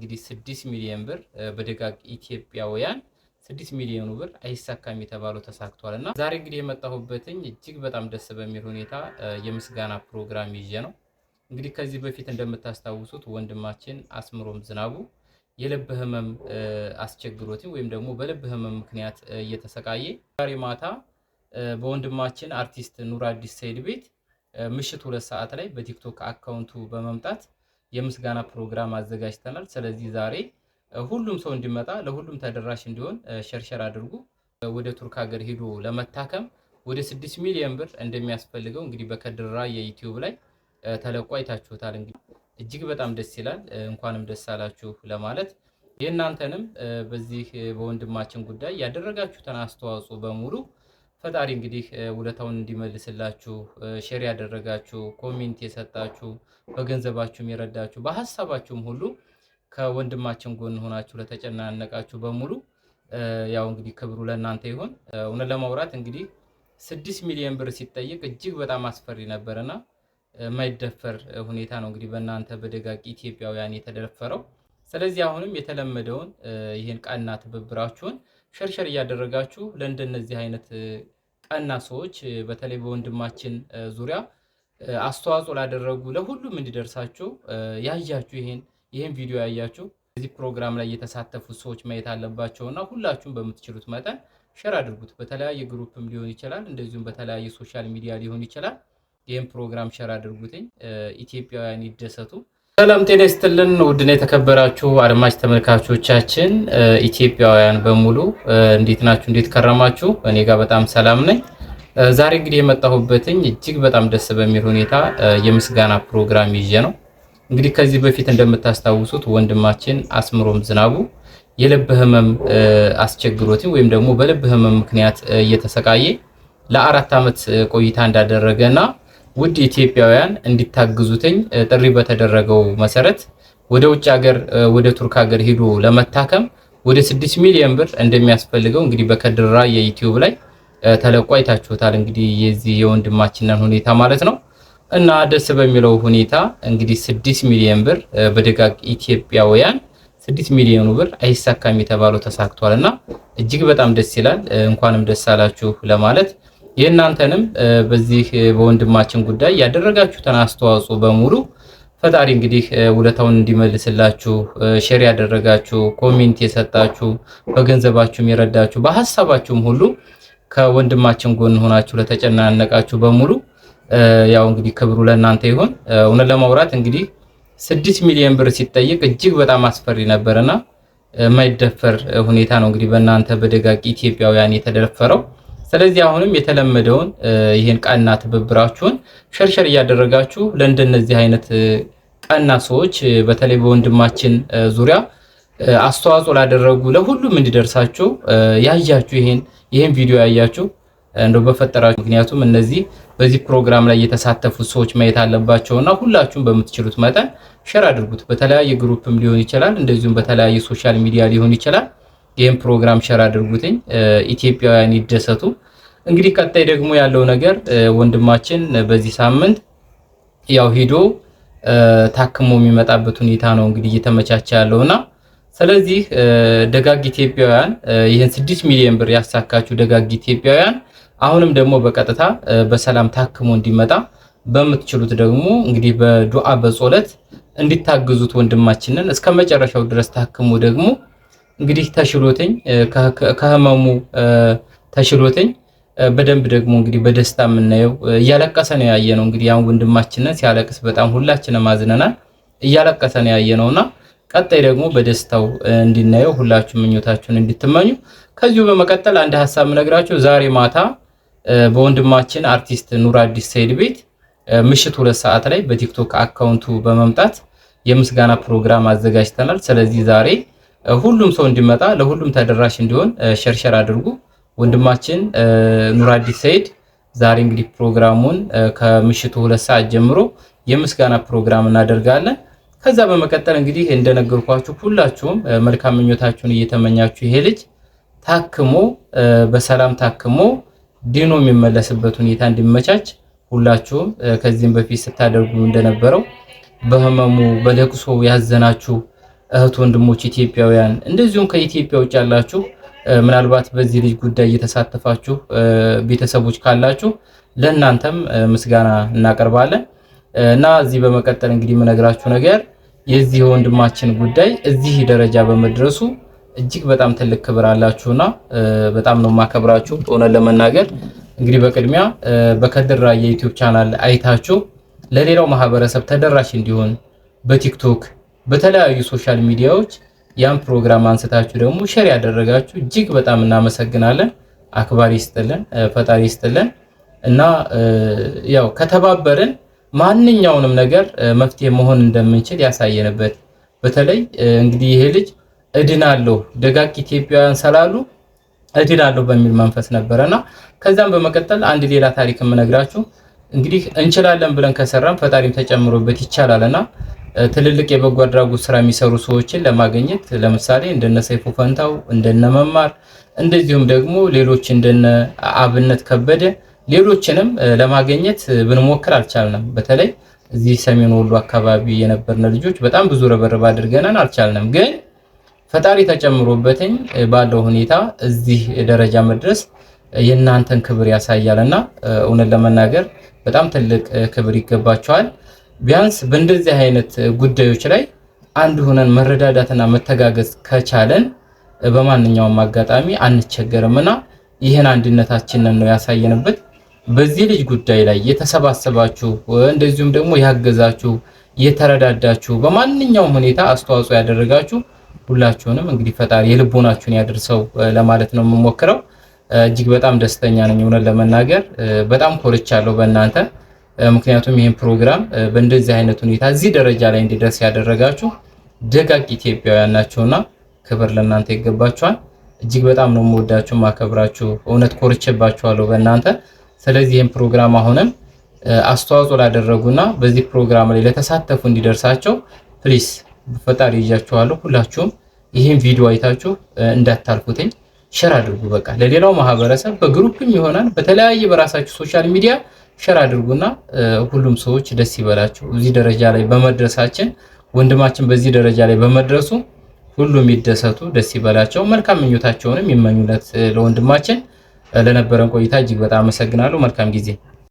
እንግዲህ ስድስት ሚሊዮን ብር በደጋግ ኢትዮጵያውያን ስድስት ሚሊዮኑ ብር አይሳካም የተባለው ተሳክቷል እና ዛሬ እንግዲህ የመጣሁበትኝ እጅግ በጣም ደስ በሚል ሁኔታ የምስጋና ፕሮግራም ይዤ ነው። እንግዲህ ከዚህ በፊት እንደምታስታውሱት ወንድማችን አስምሮም ዝናቡ የልብ ህመም አስቸግሮትኝ ወይም ደግሞ በልብ ህመም ምክንያት እየተሰቃየ ዛሬ ማታ በወንድማችን አርቲስት ኑር አዲስ ሰይድ ቤት ምሽት ሁለት ሰዓት ላይ በቲክቶክ አካውንቱ በመምጣት የምስጋና ፕሮግራም አዘጋጅተናል። ስለዚህ ዛሬ ሁሉም ሰው እንዲመጣ ለሁሉም ተደራሽ እንዲሆን ሸርሸር አድርጉ። ወደ ቱርክ ሀገር ሄዶ ለመታከም ወደ ስድስት ሚሊዮን ብር እንደሚያስፈልገው እንግዲህ በከድራ የዩቲዩብ ላይ ተለቆ አይታችሁታል። እንግዲህ እጅግ በጣም ደስ ይላል። እንኳንም ደስ አላችሁ ለማለት የእናንተንም በዚህ በወንድማችን ጉዳይ ያደረጋችሁትን አስተዋጽኦ በሙሉ ፈጣሪ እንግዲህ ውለታውን እንዲመልስላችሁ ሼር ያደረጋችሁ፣ ኮሜንት የሰጣችሁ፣ በገንዘባችሁም የረዳችሁ፣ በሀሳባችሁም ሁሉ ከወንድማችን ጎን ሆናችሁ ለተጨናነቃችሁ በሙሉ ያው እንግዲህ ክብሩ ለእናንተ ይሁን። እውነት ለማውራት እንግዲህ ስድስት ሚሊዮን ብር ሲጠየቅ እጅግ በጣም አስፈሪ ነበርና የማይደፈር ሁኔታ ነው እንግዲህ በእናንተ በደጋቂ ኢትዮጵያውያን የተደፈረው። ስለዚህ አሁንም የተለመደውን ይህን ቀና ትብብራችሁን ሸርሸር እያደረጋችሁ ለእንደነዚህ አይነት ቀና ሰዎች በተለይ በወንድማችን ዙሪያ አስተዋጽኦ ላደረጉ ለሁሉም እንዲደርሳችሁ ያያችሁ ይሄን ይህን ቪዲዮ ያያችሁ እዚህ ፕሮግራም ላይ የተሳተፉ ሰዎች ማየት አለባቸው እና ሁላችሁም በምትችሉት መጠን ሸር አድርጉት። በተለያየ ግሩፕም ሊሆን ይችላል፣ እንደዚሁም በተለያየ ሶሻል ሚዲያ ሊሆን ይችላል። ይህም ፕሮግራም ሸር አድርጉትኝ። ኢትዮጵያውያን ይደሰቱ። ሰላም ጤና ይስጥልን ውድና የተከበራችሁ አድማጭ ተመልካቾቻችን ኢትዮጵያውያን በሙሉ እንዴት ናችሁ? እንዴት ከረማችሁ? እኔ ጋር በጣም ሰላም ነኝ። ዛሬ እንግዲህ የመጣሁበትኝ እጅግ በጣም ደስ በሚል ሁኔታ የምስጋና ፕሮግራም ይዤ ነው። እንግዲህ ከዚህ በፊት እንደምታስታውሱት ወንድማችን አስምሮም ዝናቡ የልብ ህመም አስቸግሮትኝ ወይም ደግሞ በልብ ህመም ምክንያት እየተሰቃየ ለአራት ዓመት ቆይታ እንዳደረገ እና ውድ ኢትዮጵያውያን እንዲታግዙትኝ ጥሪ በተደረገው መሰረት ወደ ውጭ ሀገር ወደ ቱርክ ሀገር ሄዶ ለመታከም ወደ 6 ሚሊዮን ብር እንደሚያስፈልገው እንግዲህ በከድራ የዩቲዩብ ላይ ተለቆ አይታችሁታል። እንግዲህ የዚህ የወንድማችንን ሁኔታ ማለት ነው እና ደስ በሚለው ሁኔታ እንግዲህ 6 ሚሊዮን ብር በደጋግ ኢትዮጵያውያን 6 ሚሊዮኑ ብር አይሳካም የተባለው ተሳክቷልና እጅግ በጣም ደስ ይላል። እንኳንም ደስ አላችሁ ለማለት የእናንተንም በዚህ በወንድማችን ጉዳይ ያደረጋችሁትን አስተዋጽኦ በሙሉ ፈጣሪ እንግዲህ ውለታውን እንዲመልስላችሁ፣ ሼር ያደረጋችሁ፣ ኮሜንት የሰጣችሁ፣ በገንዘባችሁም የረዳችሁ፣ በሀሳባችሁም ሁሉ ከወንድማችን ጎን ሆናችሁ ለተጨናነቃችሁ በሙሉ ያው እንግዲህ ክብሩ ለእናንተ ይሁን። እውነት ለማውራት እንግዲህ ስድስት ሚሊዮን ብር ሲጠይቅ እጅግ በጣም አስፈሪ ነበርና የማይደፈር ሁኔታ ነው እንግዲህ በእናንተ በደጋቂ ኢትዮጵያውያን የተደፈረው። ስለዚህ አሁንም የተለመደውን ይህን ቀና ትብብራችሁን ሸርሸር እያደረጋችሁ ለእንደነዚህ አይነት ቀና ሰዎች በተለይ በወንድማችን ዙሪያ አስተዋጽኦ ላደረጉ ለሁሉም እንዲደርሳችሁ ያያችሁ ይህን ይህን ቪዲዮ ያያችሁ እንደው በፈጠራችሁ ምክንያቱም እነዚህ በዚህ ፕሮግራም ላይ የተሳተፉ ሰዎች ማየት አለባቸውና ሁላችሁም በምትችሉት መጠን ሸር አድርጉት። በተለያየ ግሩፕም ሊሆን ይችላል፣ እንደዚሁም በተለያየ ሶሻል ሚዲያ ሊሆን ይችላል። ይህም ፕሮግራም ሸር አድርጉትኝ፣ ኢትዮጵያውያን ይደሰቱ። እንግዲህ ቀጣይ ደግሞ ያለው ነገር ወንድማችን በዚህ ሳምንት ያው ሂዶ ታክሞ የሚመጣበት ሁኔታ ነው እንግዲህ እየተመቻቸ ያለውና ስለዚህ ደጋግ ኢትዮጵያውያን ይህን ስድስት ሚሊዮን ብር ያሳካችሁ ደጋግ ኢትዮጵያውያን አሁንም ደግሞ በቀጥታ በሰላም ታክሞ እንዲመጣ በምትችሉት ደግሞ እንግዲህ በዱዓ በጾለት እንዲታግዙት ወንድማችንን እስከ መጨረሻው ድረስ ታክሞ ደግሞ እንግዲህ ተሽሎትኝ ከህመሙ ተሽሎትኝ በደንብ ደግሞ እንግዲህ በደስታ የምናየው እያለቀሰ ነው ያየ ነው። እንግዲህ ያን ወንድማችንን ሲያለቅስ በጣም ሁላችንም አዝነናል። እያለቀሰ ነው ያየ እና ቀጣይ ደግሞ በደስታው እንድናየው ሁላችሁ ምኞታችሁን እንድትመኙ። ከዚሁ በመቀጠል አንድ ሀሳብ የምነግራቸው ዛሬ ማታ በወንድማችን አርቲስት ኑር አዲስ ሰይድ ቤት ምሽት ሁለት ሰዓት ላይ በቲክቶክ አካውንቱ በመምጣት የምስጋና ፕሮግራም አዘጋጅተናል። ስለዚህ ዛሬ ሁሉም ሰው እንዲመጣ ለሁሉም ተደራሽ እንዲሆን ሸርሸር አድርጉ። ወንድማችን አዲስ ሰይድ ዛሬ እንግዲህ ፕሮግራሙን ከምሽቱ ሁለት ሰዓት ጀምሮ የምስጋና ፕሮግራም እናደርጋለን። ከዛ በመቀጠል እንግዲህ እንደነገርኳችሁ ሁላችሁም መልካም ምኞታችሁን እየተመኛችሁ ይሄ ልጅ ታክሞ በሰላም ታክሞ ድኖ የሚመለስበት ሁኔታ እንዲመቻች ሁላችሁም ከዚህም በፊት ስታደርጉ እንደነበረው በህመሙ በለቅሶ ያዘናችሁ እህት ወንድሞች ኢትዮጵያውያን፣ እንደዚሁም ከኢትዮጵያ ውጭ ያላችሁ ምናልባት በዚህ ልጅ ጉዳይ እየተሳተፋችሁ ቤተሰቦች ካላችሁ ለእናንተም ምስጋና እናቀርባለን እና እዚህ በመቀጠል እንግዲህ የምነግራችሁ ነገር የዚህ ወንድማችን ጉዳይ እዚህ ደረጃ በመድረሱ እጅግ በጣም ትልቅ ክብር አላችሁና በጣም ነው የማከብራችሁ። እውነት ለመናገር እንግዲህ በቅድሚያ በከድራ የዩቲዩብ ቻናል አይታችሁ ለሌላው ማህበረሰብ ተደራሽ እንዲሆን በቲክቶክ በተለያዩ ሶሻል ሚዲያዎች ያን ፕሮግራም አንስታችሁ ደግሞ ሼር ያደረጋችሁ እጅግ በጣም እናመሰግናለን። አክባሪ ይስጥልን፣ ፈጣሪ ይስጥልን እና ያው ከተባበርን ማንኛውንም ነገር መፍትሄ መሆን እንደምንችል ያሳየንበት በተለይ እንግዲህ ይሄ ልጅ እድናለሁ ደጋግ ኢትዮጵያውያን ስላሉ እድናለሁ በሚል መንፈስ ነበረና ከዛም በመቀጠል አንድ ሌላ ታሪክ የምነግራችሁ እንግዲህ እንችላለን ብለን ከሰራን ፈጣሪም ተጨምሮበት ይቻላልና ትልልቅ የበጎ አድራጎት ስራ የሚሰሩ ሰዎችን ለማግኘት ለምሳሌ እንደነ ሰይፉ ፈንታው፣ እንደነ መማር እንደዚሁም ደግሞ ሌሎች እንደነ አብነት ከበደ ሌሎችንም ለማግኘት ብንሞክር አልቻልንም። በተለይ እዚህ ሰሜን ወሎ አካባቢ የነበርነ ልጆች በጣም ብዙ ረበረብ አድርገናል፣ አልቻልንም። ግን ፈጣሪ ተጨምሮበትኝ ባለው ሁኔታ እዚህ ደረጃ መድረስ የእናንተን ክብር ያሳያል እና እውነት ለመናገር በጣም ትልቅ ክብር ይገባቸዋል። ቢያንስ በእንደዚህ አይነት ጉዳዮች ላይ አንድ ሆነን መረዳዳትና መተጋገዝ ከቻለን በማንኛውም አጋጣሚ አንቸገርም እና ይህን አንድነታችንን ነው ያሳየንበት። በዚህ ልጅ ጉዳይ ላይ የተሰባሰባችሁ እንደዚሁም ደግሞ ያገዛችሁ፣ የተረዳዳችሁ፣ በማንኛውም ሁኔታ አስተዋጽኦ ያደረጋችሁ ሁላችሁንም እንግዲህ ፈጣሪ የልቦናችሁን ያደርሰው ለማለት ነው የምሞክረው። እጅግ በጣም ደስተኛ ነኝ እውነት ለመናገር በጣም ኮርቻለሁ በእናንተ ምክንያቱም ይህን ፕሮግራም በእንደዚህ አይነት ሁኔታ እዚህ ደረጃ ላይ እንዲደርስ ያደረጋችሁ ደጋግ ኢትዮጵያውያን ናቸውና ክብር ለእናንተ ይገባችኋል። እጅግ በጣም ነው የምወዳችሁ ማከብራችሁ። እውነት ኮርቼባችኋለሁ በእናንተ። ስለዚህ ይህን ፕሮግራም አሁንም አስተዋጽኦ ላደረጉና በዚህ ፕሮግራም ላይ ለተሳተፉ እንዲደርሳቸው ፕሊስ ፈጣሪ ይዣችኋለሁ። ሁላችሁም ይህን ቪዲዮ አይታችሁ እንዳታልፉትኝ ሸር አድርጉ። በቃ ለሌላው ማህበረሰብ በግሩፕም ይሆናል በተለያየ በራሳችሁ ሶሻል ሚዲያ ሸር አድርጉና ሁሉም ሰዎች ደስ ይበላቸው። እዚህ ደረጃ ላይ በመድረሳችን ወንድማችን በዚህ ደረጃ ላይ በመድረሱ ሁሉም ይደሰቱ፣ ደስ ይበላቸው። መልካም ምኞታቸውንም ይመኙለት ለወንድማችን። ለነበረን ቆይታ እጅግ በጣም አመሰግናለሁ። መልካም ጊዜ